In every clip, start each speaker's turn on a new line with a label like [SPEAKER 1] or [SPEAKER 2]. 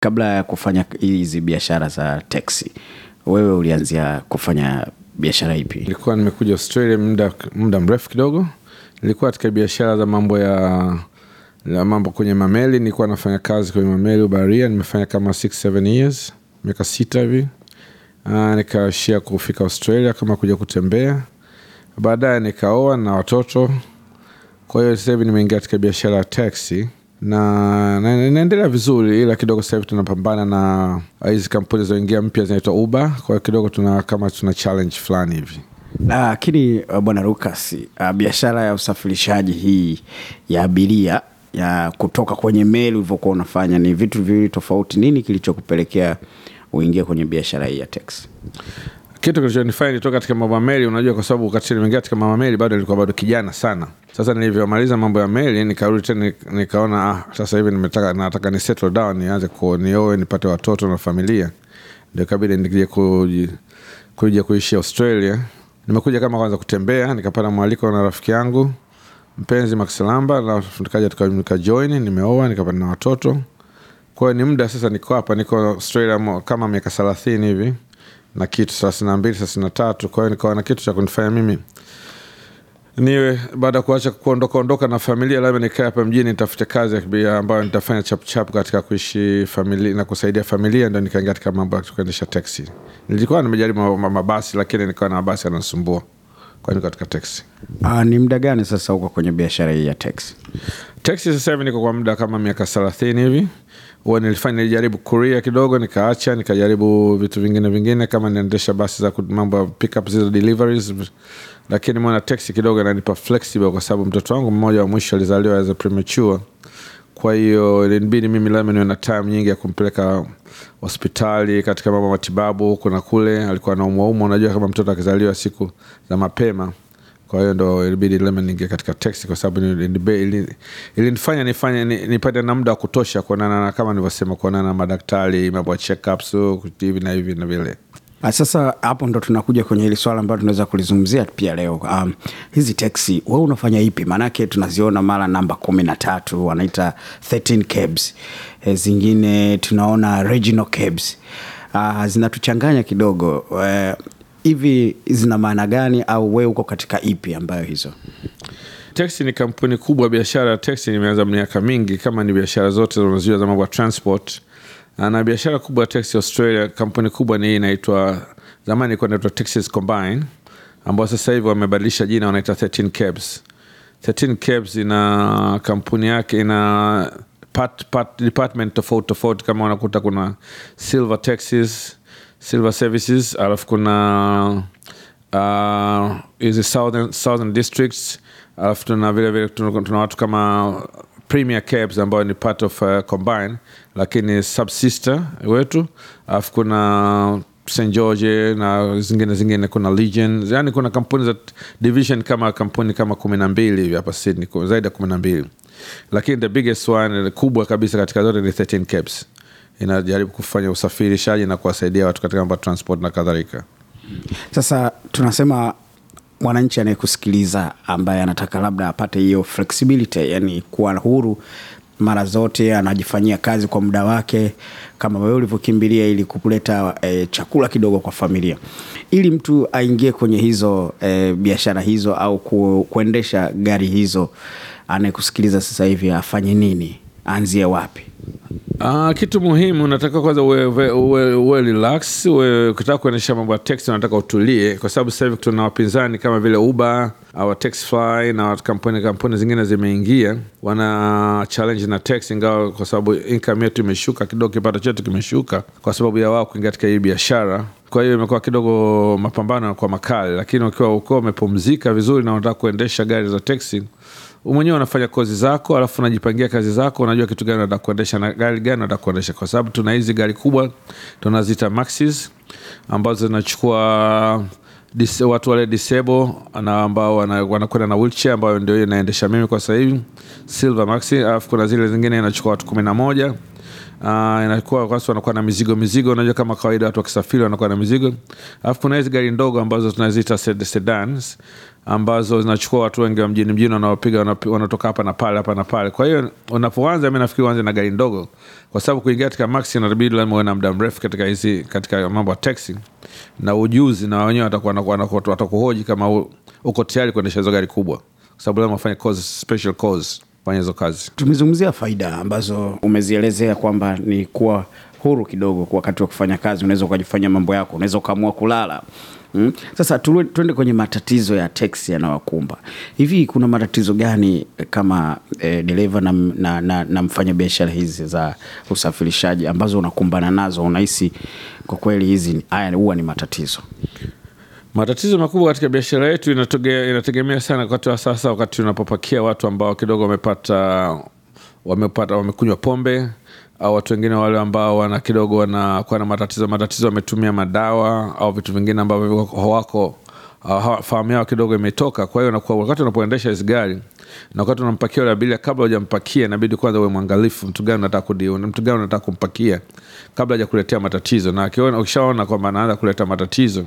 [SPEAKER 1] Kabla ya kufanya hizi biashara
[SPEAKER 2] za teksi, wewe ulianzia kufanya biashara ipi? Nilikuwa nimekuja Australia muda muda mrefu kidogo, nilikuwa katika biashara za mambo ya la mambo kwenye mameli. Nilikuwa nafanya kazi kwenye mameli ubaharia, nimefanya kama 67 years, miaka sita hivi. Ah, nikaishia kufika Australia kama kuja kutembea, baadaye nikaoa na watoto. Kwa hiyo sasa hivi nimeingia katika biashara ya taxi na inaendelea vizuri, ila kidogo sasa hivi tunapambana na ah, hizi kampuni zinaingia mpya zinaitwa Uber. kwao kidogo tuna kama tuna challenge fulani hivi lakini uh, bwana lukas uh, ah, biashara ya usafirishaji hii ya abiria
[SPEAKER 1] ya kutoka kwenye meli ulivyokuwa unafanya ni vitu viwili tofauti. Nini kilichokupelekea uingie kwenye biashara hii ya teksi?
[SPEAKER 2] kitu kilichonifanya nitoka katika mambo ya meli, unajua, kwa sababu wakati nimeingia katika mambo ya meli bado nilikuwa bado kijana sana. Sasa nilivyomaliza mambo ya meli nikarudi tena nikaona, ah, sasa hivi nimetaka nataka ni settle down, nianze nioe, nipate watoto na familia, ndio kabidi nikija kuja kuishi Australia. Nimekuja kama kwanza kutembea, nikapata mwaliko na rafiki yangu mpenzi Max Lamba na tukaja tukajoin, nimeoa, nikapata na watoto. Kwa hiyo ni muda sasa niko hapa, niko Australia kama miaka thelathini hivi na kitu thelathini na mbili thelathini na tatu kwa hiyo nikawa na kitu cha kunifanya mimi niwe baada ya kuacha kuondokaondoka na familia labda nikae hapa mjini nitafute kazi ambayo nitafanya chapuchapu katika kuishi familia na kusaidia familia ndo nikaingia katika mambo ya kuendesha taxi nilikuwa nimejaribu mabasi lakini nikawa na mabasi yanasumbua kwani katika teksi
[SPEAKER 1] uh, ni muda gani sasa uko kwenye biashara hii ya teksi
[SPEAKER 2] teksi sasa hivi niko kwa muda kama miaka thelathini hivi huwa nilifanya nilijaribu kuria kidogo nikaacha nikajaribu vitu vingine vingine kama niendesha basi za mambo ya pickup zile deliveries lakini mwana teksi kidogo inanipa flexible kwa sababu mtoto wangu mmoja wa mwisho alizaliwa as a premature kwa hiyo ilinibidi mimi lazima niwe na time nyingi ya kumpeleka hospitali katika mambo matibabu huku na kule, alikuwa na umwa, unajua kama mtoto akizaliwa siku za mapema. Kwa hiyo ndo ilibidi lazima niingie katika teksi, kwa sababu ilinifanya nifanye nipate na muda wa kutosha kuonana kama nilivyosema, kuonana na madaktari, mambo ya check ups hivi na hivi na vile. Ah, sasa hapo ndo tunakuja kwenye hili swala ambalo tunaweza kulizungumzia pia
[SPEAKER 1] leo. Um, hizi teksi wewe unafanya ipi? Maanake tunaziona mara namba kumi na tatu wanaita 13 cabs, e, zingine tunaona regional cabs. Uh, zinatuchanganya kidogo eh, hivi. Uh, zina maana gani au wewe uko katika ipi ambayo hizo?
[SPEAKER 2] Teksi ni kampuni kubwa, biashara ya teksi imeanza miaka mingi, kama ni biashara zote unazijuza za mambo ya transport na biashara kubwa ya taxi Australia, kampuni kubwa ni hii inaitwa, zamani ilikuwa inaitwa Texas Combine, ambao sasa hivi wamebadilisha jina, wanaita 13 Cabs. 13 Cabs ina kampuni yake, ina part, part, department tofauti tofauti, kama wanakuta kuna silver Texas, silver services, alafu kuna uh, hizi uh, southern, southern districts, alafu tuna vilevile tuna watu kama Premier Cabs ambayo ni part of uh, Combine, lakini subsister wetu, alafu kuna St George na zingine zingine, kuna Legion, yani kuna kampuni za division kama kampuni kama kumi na mbili hivi hapa Sydney, zaidi ya kumi na mbili, lakini the biggest one kubwa kabisa katika zote ni 13 Cabs. Inajaribu kufanya usafirishaji na kuwasaidia watu katika mambo ya transport na kadhalika.
[SPEAKER 1] Sasa tunasema mwananchi anayekusikiliza ambaye anataka labda apate hiyo flexibility, yani kuwa huru mara zote, anajifanyia kazi kwa muda wake kama wewe ulivyokimbilia, ili kuleta e, chakula kidogo kwa familia, ili mtu aingie kwenye hizo e, biashara hizo au ku, kuendesha gari hizo, anayekusikiliza sasa hivi afanye nini? Aanzie wapi?
[SPEAKER 2] Uh, kitu muhimu unataka kwanza uwe, uwe, uwe, uwe relax. Uwe ukitaka kuendesha mambo ya teksi unataka utulie, kwa sababu sasa hivi tuna wapinzani kama vile Uber au Taxify na kampuni kampuni zingine zimeingia, wana challenge na teksi, ingawa kwa sababu income yetu imeshuka kidogo, kipato chetu kimeshuka kwa sababu ya wao kuingia katika hii biashara. Kwa hiyo imekuwa kidogo mapambano kwa makali, lakini ukiwa uko umepumzika vizuri na unataka kuendesha gari za taxi mwenyewe unafanya kozi zako, alafu unajipangia kazi zako, unajua kitu gani unataka kuendesha na gari gani unataka kuendesha, kwa sababu tuna hizi gari kubwa tunaziita maxis ambazo zinachukua Dis, watu wale disable na ambao wanakwenda na wheelchair ambayo ndio inaendesha mimi kwa sasa hivi Silver Maxi, alafu kuna zile zingine inachukua watu kumi na moja. Uh, inakuwa kwa sababu wanakuwa na mizigo mizigo, unajua kama kawaida watu wakisafiri wanakuwa na mizigo, alafu kuna hizi gari ndogo ambazo tunaziita sedans ambazo zinachukua watu wengi wa mjini mjini wanaopiga wanatoka hapa na pale hapa na pale. Kwa hiyo unapoanza, mi nafikiri uanze na gari ndogo, kwa sababu kuingia katika maxi inabidi lazima uwe na muda mrefu katika hizi katika mambo ya taxi na ujuzi, na wenyewe watakuhoji kama u, uko tayari kuendesha hizo gari kubwa, kwa sababu lazima ufanye cause, special cause fanya hizo kazi. Tumezungumzia
[SPEAKER 1] faida ambazo umezielezea kwamba ni kuwa huru kidogo wakati wa kufanya kazi, unaweza ukajifanya mambo yako, unaweza ukaamua kulala Mm. Sasa tuende kwenye matatizo ya teksi yanawakumba Hivi kuna matatizo gani eh, kama e, dereva na, na, na, na mfanya biashara hizi za usafirishaji ambazo unakumbana nazo, unahisi kwa kweli hizi haya huwa ni matatizo?
[SPEAKER 2] Matatizo makubwa katika biashara yetu inategemea sana wakati wa sasa, wakati unapopakia watu ambao kidogo wamepata wamepata wamekunywa pombe au watu wengine wale ambao wana kidogo wanakuwa na matatizo matatizo, wametumia madawa au vitu vingine ambavyo hawako Uh, fahamu yao kidogo imetoka. Kwa hiyo nakuwa wakati unapoendesha hizi gari na wakati unampakia ule abiria, kabla hujampakia inabidi kwanza uwe mwangalifu, mtu gani unataka kudiona, mtu gani unataka kumpakia kabla hajakuletea matatizo, na akiona ukishaona kwamba anaanza kuleta matatizo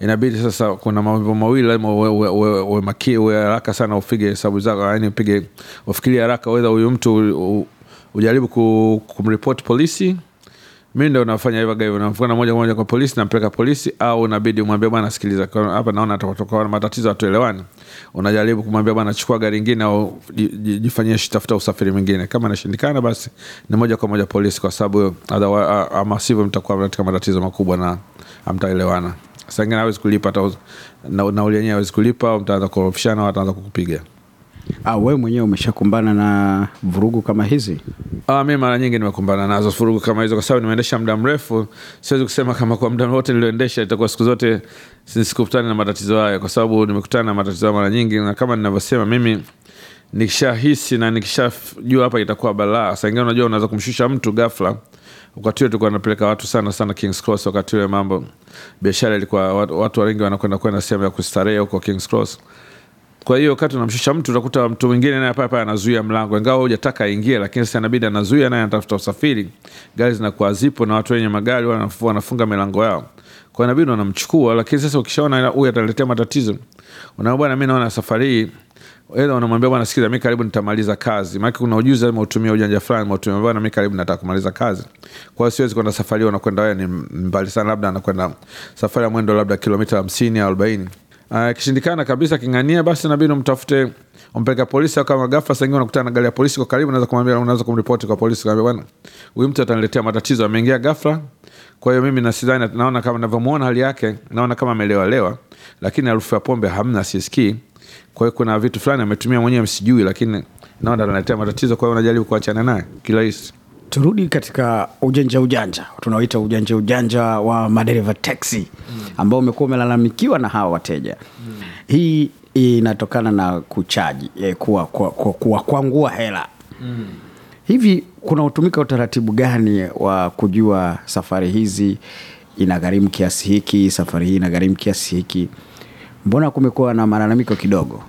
[SPEAKER 2] inabidi sasa, kuna mambo mawili lazima uwe uwe haraka sana, upige hesabu zako, yani upige, ufikirie haraka, wedha huyu mtu ujaribu kumripoti polisi mi ndo nafanya hivyo hivyo namfukana moja kwa moja kwa polisi nampeleka polisi au nabidi umwambia bwana sikiliza hapa naona tukatoka matatizo atuelewani unajaribu kumwambia bwana chukua gari ingine au jifanyie tafuta usafiri mwingine kama nashindikana basi ni moja kwa moja polisi kwa sababu ama sivyo mtakuwa katika matatizo makubwa na amtaelewana saingine awezi kulipa nauli yenyewe awezi kulipa mtaanza kuofishana au ataanza kukupiga
[SPEAKER 1] Ah, wewe mwenyewe umeshakumbana na vurugu kama
[SPEAKER 2] hizi? Ah, mimi mara nyingi nimekumbana nazo vurugu kama hizo, kwa sababu nimeendesha muda mrefu. Siwezi kusema kama kwa muda wote nilioendesha itakuwa siku zote sikutani na matatizo hayo, kwa sababu nimekutana na matatizo mara nyingi, na kama ninavyosema mimi nikishahisi na nikishajua hapa itakuwa balaa, saa ingine unajua unaweza kumshusha mtu ghafla. Wakati huo tulikuwa napeleka watu sana sana Kings Cross, wakati ule mambo biashara ilikuwa, watu wengi wanakwenda kwenda sehemu ya kustarehe huko Kings Cross kwa hiyo wakati unamshusha mtu utakuta mtu mwingine naye pale anazuia mlango, ingawa hujataka aingie, lakini sasa inabidi anazuia, naye anatafuta usafiri, gari zinakuwa zipo na watu wenye magari wanafunga milango yao, kwa hiyo inabidi wanamchukua. Lakini sasa ukishaona huyu ataletea matatizo, unaona bwana, mi naona safari hii Ela unamwambia bwana, sikiza, mi karibu nitamaliza kazi, maana kuna ujuzi lazima utumie, ujanja fulani lazima utumie. Bwana, mi karibu nataka kumaliza kazi, kwa hiyo siwezi kwenda safari hiyo. nakwenda wewe ni mbali sana, labda anakwenda safari ya mwendo labda kilomita hamsini au arobaini Ah, akishindikana uh, kabisa king'ania, basi nabidi umtafute, umpeleka polisi, au kama ghafla sengine unakutana na gari ya polisi kwa karibu, naweza kumwambia, unaweza kumripoti kwa polisi, kwamba bwana, huyu mtu ataniletea matatizo, ameingia ghafla. Kwa hiyo mimi nasidhani, naona kama navyomuona hali yake, naona kama amelewa lewa lakini harufu ya pombe hamna, sisikii. Kwa hiyo kuna vitu fulani ametumia mwenyewe, msijui, lakini naona ataniletea matatizo. Kwa hiyo unajaribu kuachana naye kirahisi
[SPEAKER 1] turudi katika ujanja ujanja tunaoita ujanja ujanja wa madereva taxi mm. ambao umekuwa umelalamikiwa na hawa wateja mm. hii inatokana na kuchaji eh, kuwa, kuwa, kuwa, kuwa kwangua hela mm. hivi utumika utaratibu gani wa kujua safari hizi inagharimu kiasi hiki safari hii inagharimu kiasi hiki mbona kumekuwa na malalamiko kidogo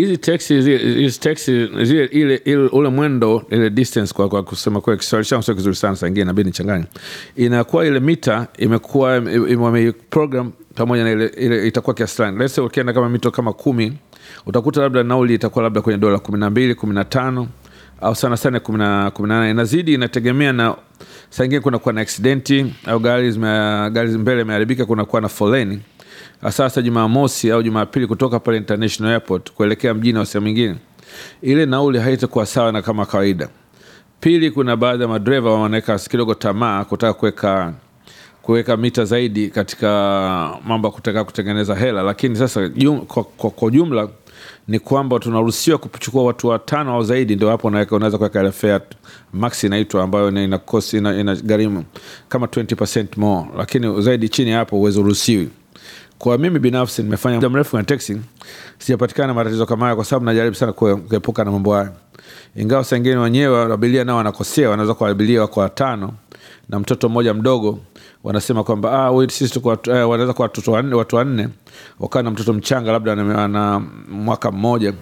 [SPEAKER 2] hizi teksi hizi teksi zile ile, ile ule mwendo ile distance kwa, kwa kusema kwa Kiswahili changu sio kizuri sana, sasa, ingine inabidi nichanganye, inakuwa ile mita imekuwa ime program pamoja na ile, ile itakuwa kiasi fulani. Let's say ukienda kama mito kama kumi utakuta labda nauli itakuwa labda kwenye dola 12 15 au sana sana kumi na inazidi, inategemea na saa ingine kunakuwa na aksidenti au gari zime gari mbele imeharibika, kunakuwa na foleni sasa Jumamosi au Jumapili kutoka pale International Airport kuelekea mjini au sehemu nyingine, ile nauli haitakuwa sawa na kama kawaida. Pili, kuna baadhi ya madereva wanaweka kidogo tamaa kutaka kuweka kuweka mita zaidi katika mambo ya kutaka kutengeneza hela, lakini sasa jum, kwa, kwa, kwa jumla ni kwamba tunaruhusiwa kuchukua watu watano au zaidi, ndio hapo unaweza kuweka ile fare max inaitwa, ambayo ina, ina, ina gharimu kama 20% more, lakini zaidi chini hapo huwezi ruhusiwi kwa mimi binafsi nimefanya muda mrefu kwenye texting, sijapatikana matatizo kama hayo, kwa sababu najaribu sana kuepuka na mambo hayo, ingawa sengine wenyewe abiria nao wanakosea, wanaweza kuabilia wako watano na mtoto mmoja mdogo, wanasema kwamba ah, sisi tuko eh, wanaweza kuwa watu wanne wakawa na mtoto mchanga labda ana mwaka mmoja,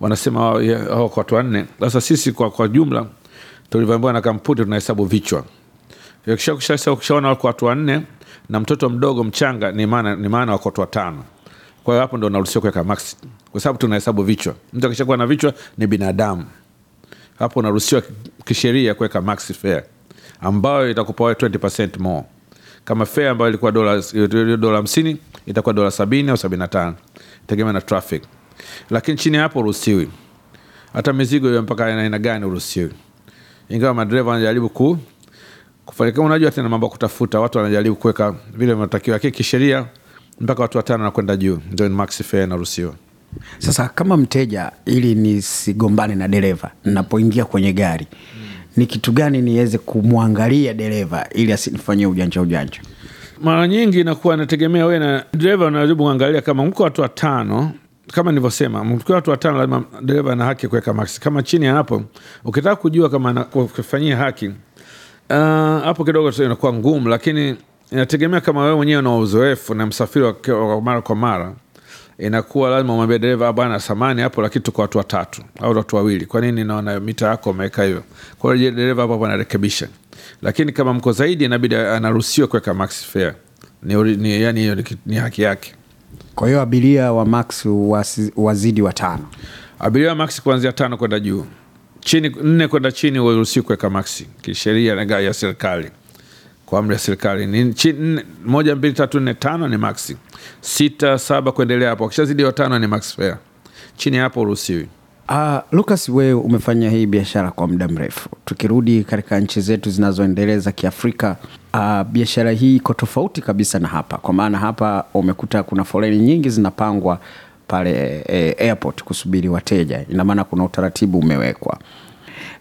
[SPEAKER 2] wanasema oh, yeah, oh, kwa watu wanne. Sasa sisi kwa, kwa jumla tulivyoambiwa na kampuni tunahesabu vichwa Ukishaona wako watu wanne na mtoto mdogo mchanga, ni maana wako watu watano. Kwa hiyo hapo ndo unaruhusiwa kuweka max, kwa sababu tunahesabu vichwa. Mtu akishakuwa na vichwa ni binadamu, hapo unaruhusiwa kisheria kuweka max fare ambayo itakupa wewe 20% more kama fare ambayo ilikuwa dola hamsini itakuwa dola sabini au sabini na tano tegemea na traffic, lakini chini ya hapo uruhusiwi. Hata mizigo hiyo mpaka aina gani uruhusiwi, ingawa madereva wanajaribu kufanya kama Unajua tena mambo ya kutafuta, watu wanajaribu kuweka vile vinatakiwa, lakini kisheria mpaka watu watano na kwenda juu ndio max fare inaruhusiwa.
[SPEAKER 1] Sasa kama mteja, ili nisigombane na dereva ninapoingia kwenye gari, ni kitu gani niweze kumwangalia dereva ili asinifanyie ujanja ujanja?
[SPEAKER 2] Mara nyingi inakuwa nategemea we na dereva, unajaribu kuangalia kama mko watu watano kama nilivyosema, mkiwa watu watano lazima dereva ana haki ya kuweka max. Kama chini ya hapo, ukitaka kujua kama anakufanyia haki Ah, hapo uh, kidogo tu inakuwa ngumu, lakini inategemea kama wewe mwenyewe una uzoefu na msafiri wa mara kwa mara, inakuwa lazima umwambia dereva ah, bwana, samani hapo, lakini tuko watu watatu au watu wawili. Kwa nini naona mita yako umeweka hivyo? Kwa hiyo dereva hapo anarekebisha, lakini kama mko zaidi, inabidi anaruhusiwa kuweka max fare. Ni, ni, yani ni, ni haki yake. Kwa hiyo abiria wa max wazidi watano, abiria wa max kuanzia tano kwenda juu chini nne kwenda chini wairuhusi kuweka maksi kisheria na ya serikali kwa amri ya serikali ni chini, moja mbili tatu nne tano ni maksi sita saba kuendelea hapo akishazidi watano ni max fea chini hapo uruhusiwi
[SPEAKER 1] Uh, ah, Lucas wewe umefanya hii biashara kwa muda mrefu. Tukirudi katika nchi zetu zinazoendelea za Kiafrika, uh, biashara hii iko tofauti kabisa na hapa, kwa maana hapa umekuta kuna foleni nyingi zinapangwa pale e, airport kusubiri wateja. Ina maana kuna utaratibu umewekwa.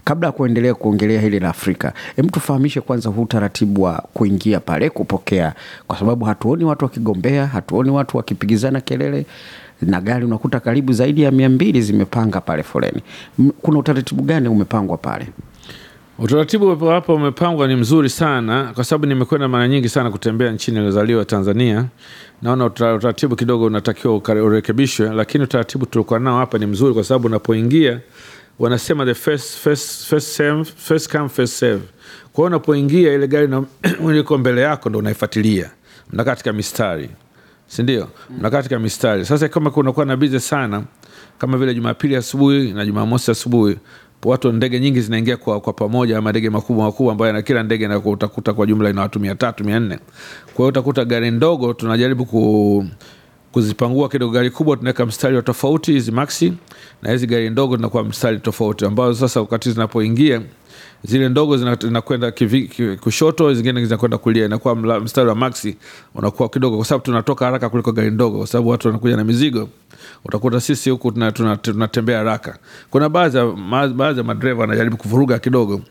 [SPEAKER 1] Kabla ya kuendelea kuongelea hili la Afrika, hem, tufahamishe kwanza huu utaratibu wa kuingia pale kupokea, kwa sababu hatuoni watu wakigombea, hatuoni watu wakipigizana kelele na gari unakuta karibu zaidi ya mia mbili zimepanga pale foleni. Kuna utaratibu gani umepangwa
[SPEAKER 2] pale? Utaratibu hapa umepangwa ni mzuri sana, kwa sababu nimekwenda mara nyingi sana kutembea nchini nilozaliwa Tanzania, naona utaratibu kidogo unatakiwa urekebishwe, lakini utaratibu tuliokuwa nao hapa ni mzuri, kwa sababu unapoingia wanasema the first, first, first, first come first serve. Kwa hiyo unapoingia ile gari liko mbele yako ndo unaifuatilia, mnakaa katika mistari, sindio? Mnakaa mm. katika mistari. Sasa kama kunakuwa na bize sana kama vile Jumapili asubuhi na Jumamosi asubuhi, watu ndege nyingi zinaingia kwa, kwa pamoja ama ndege makubwa makubwa ambayo na kila ndege utakuta kwa jumla ina watu mia tatu mia nne kwa hiyo utakuta gari ndogo tunajaribu ku, kuzipangua kidogo gari kubwa tunaweka mstari wa tofauti hizi maxi na hizi gari ndogo zinakuwa mstari tofauti ambazo sasa wakati zinapoingia zile ndogo zinakwenda kushoto, zingine zinakwenda kulia, inakuwa mstari wa maxi unakuwa kidogo, kwa sababu tunatoka haraka kuliko gari ndogo, kwa sababu watu wanakuja na mizigo. Utakuta sisi huku tunatembea tuna, tuna haraka. Kuna baadhi ya madereva wanajaribu kuvuruga kidogo,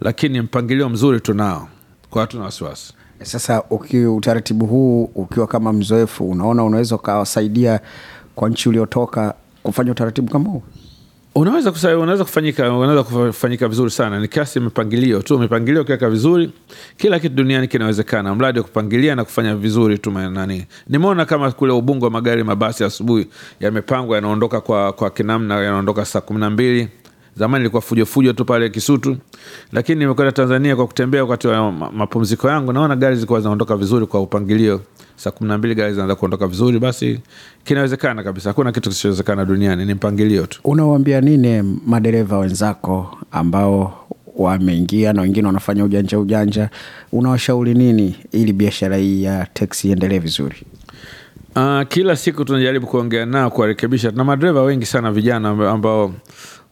[SPEAKER 2] lakini mpangilio mzuri tunao, kwa hatuna wasiwasi. Sasa
[SPEAKER 1] uki, utaratibu huu ukiwa kama mzoefu, unaona unaweza ukawasaidia kwa nchi uliotoka kufanya utaratibu kama huu?
[SPEAKER 2] unaweza kusa, unaweza kufanyika unaweza kufanyika vizuri sana, ni kasi mipangilio tu. Mipangilio ukiweka vizuri, kila kitu duniani kinawezekana, mradi wa kupangilia na kufanya vizuri tu. Nani nimeona kama kule Ubungo wa magari mabasi asubuhi ya yamepangwa, yanaondoka kwa, kwa kinamna, yanaondoka saa kumi na mbili Zamani ilikuwa fujofujo tu pale Kisutu, lakini nimekwenda Tanzania kwa kutembea. Wakati wa mapumziko yangu, naona gari zilikuwa zinaondoka vizuri kwa upangilio. Saa kumi na mbili gari zinaanza kuondoka vizuri, basi kinawezekana kabisa. Hakuna kitu kisichowezekana duniani, ni mpangilio tu.
[SPEAKER 1] Unawaambia nini madereva wenzako ambao wameingia na wengine wanafanya ujanja ujanja, unawashauri nini ili biashara hii ya teksi iendelee vizuri?
[SPEAKER 2] Uh, kila siku tunajaribu kuongea nao kuwarekebisha. Tuna madereva wengi sana vijana ambao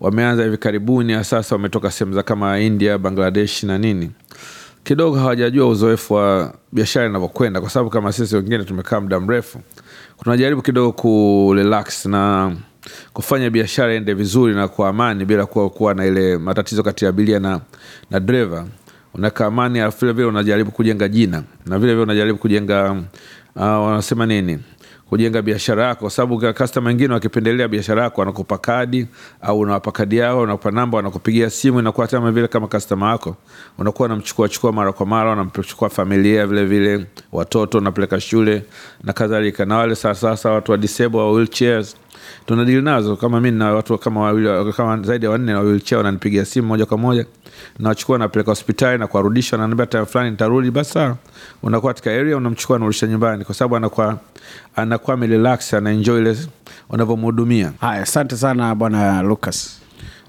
[SPEAKER 2] wameanza hivi karibuni, sasa wametoka sehemu za kama India, Bangladesh na nini, kidogo hawajajua uzoefu wa biashara inavyokwenda, kwa sababu kama sisi wengine tumekaa muda mrefu, tunajaribu kidogo kurelax na kufanya biashara ende vizuri na kwa amani, bila kuwa, kuwa na ile matatizo kati ya abiria na, na dreva. Unaweka amani, alafu vilevile unajaribu kujenga jina na vilevile unajaribu kujenga uh, wanasema nini kujenga biashara yako, kwa sababu kastoma wengine wakipendelea biashara yako wanakupa kadi au unawapa kadi yao, unawapa namba, wanakupigia simu, inakuwa kama vile kama kastoma wako unakuwa unamchukua chukua mara kwa mara, unamchukua familia vile vile, watoto unapeleka shule na kadhalika, na wale sasa sasa watu wa disable au wheelchairs tunadili nazo kama mi na watu kama wawili kama zaidi ya wanne na wilchea wananipigia simu moja kwa moja nawachukua napeleka hospitali na kuwarudisha wanaambia time fulani nitarudi basa unakuwa katika area unamchukua narudisha nyumbani kwa sababu anakuwa anakuwa amerelax anaenjoy ile unavyomhudumia haya asante sana bwana lucas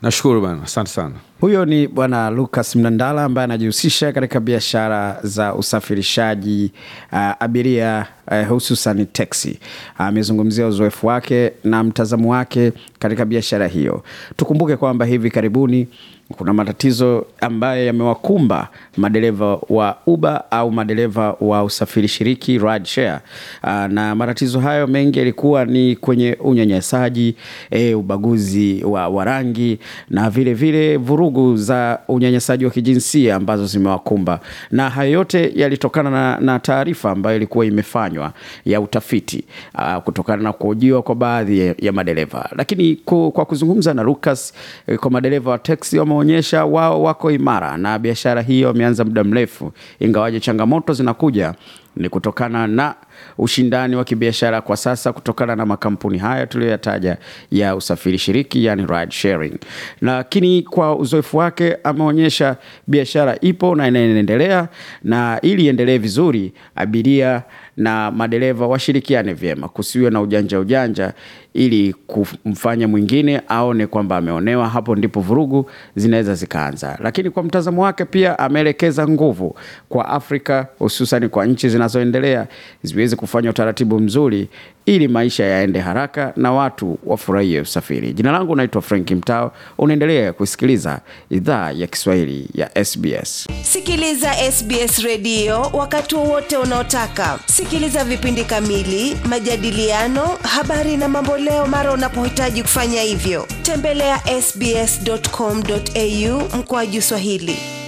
[SPEAKER 2] nashukuru bana asante sana huyo
[SPEAKER 1] ni Bwana Lucas Mnandala ambaye anajihusisha katika biashara za usafirishaji uh, abiria uh, hususan teksi. Amezungumzia uh, uzoefu wake na mtazamo wake katika biashara hiyo. Tukumbuke kwamba hivi karibuni kuna matatizo ambayo yamewakumba madereva wa Uber au madereva wa usafiri shiriki ride share, uh, na matatizo hayo mengi yalikuwa ni kwenye unyanyasaji e, ubaguzi wa, wa rangi na vilevile vile vurugu za unyanyasaji wa kijinsia ambazo zimewakumba, na hayo yote yalitokana na, na taarifa ambayo ilikuwa imefanywa ya utafiti uh, kutokana na kuojiwa kwa baadhi ya, ya madereva. Lakini ku, kwa kuzungumza na Lucas, eh, kwa madereva wa teksi wameonyesha wao wako imara na biashara hiyo wameanza muda mrefu, ingawaje changamoto zinakuja ni kutokana na ushindani wa kibiashara kwa sasa kutokana na makampuni haya tuliyoyataja ya usafiri shiriki, yani ride sharing. Lakini kwa uzoefu wake ameonyesha biashara ipo na inaendelea, na ili iendelee vizuri, abiria na madereva washirikiane vyema, kusiwe na ujanja ujanja ili kumfanya mwingine aone kwamba ameonewa. Hapo ndipo vurugu zinaweza zikaanza. Lakini kwa mtazamo wake pia ameelekeza nguvu kwa Afrika, hususan kwa nchi zinazoendelea ziweze kufanya utaratibu mzuri ili maisha yaende haraka na watu wafurahie usafiri. Jina langu naitwa Frank Mtao. Unaendelea kusikiliza idhaa ya Kiswahili ya SBS. Sikiliza SBS redio wakati wowote unaotaka. Sikiliza vipindi kamili, majadiliano, habari na mambo leo mara unapohitaji kufanya hivyo tembelea sbs.com.au mkoaju swahili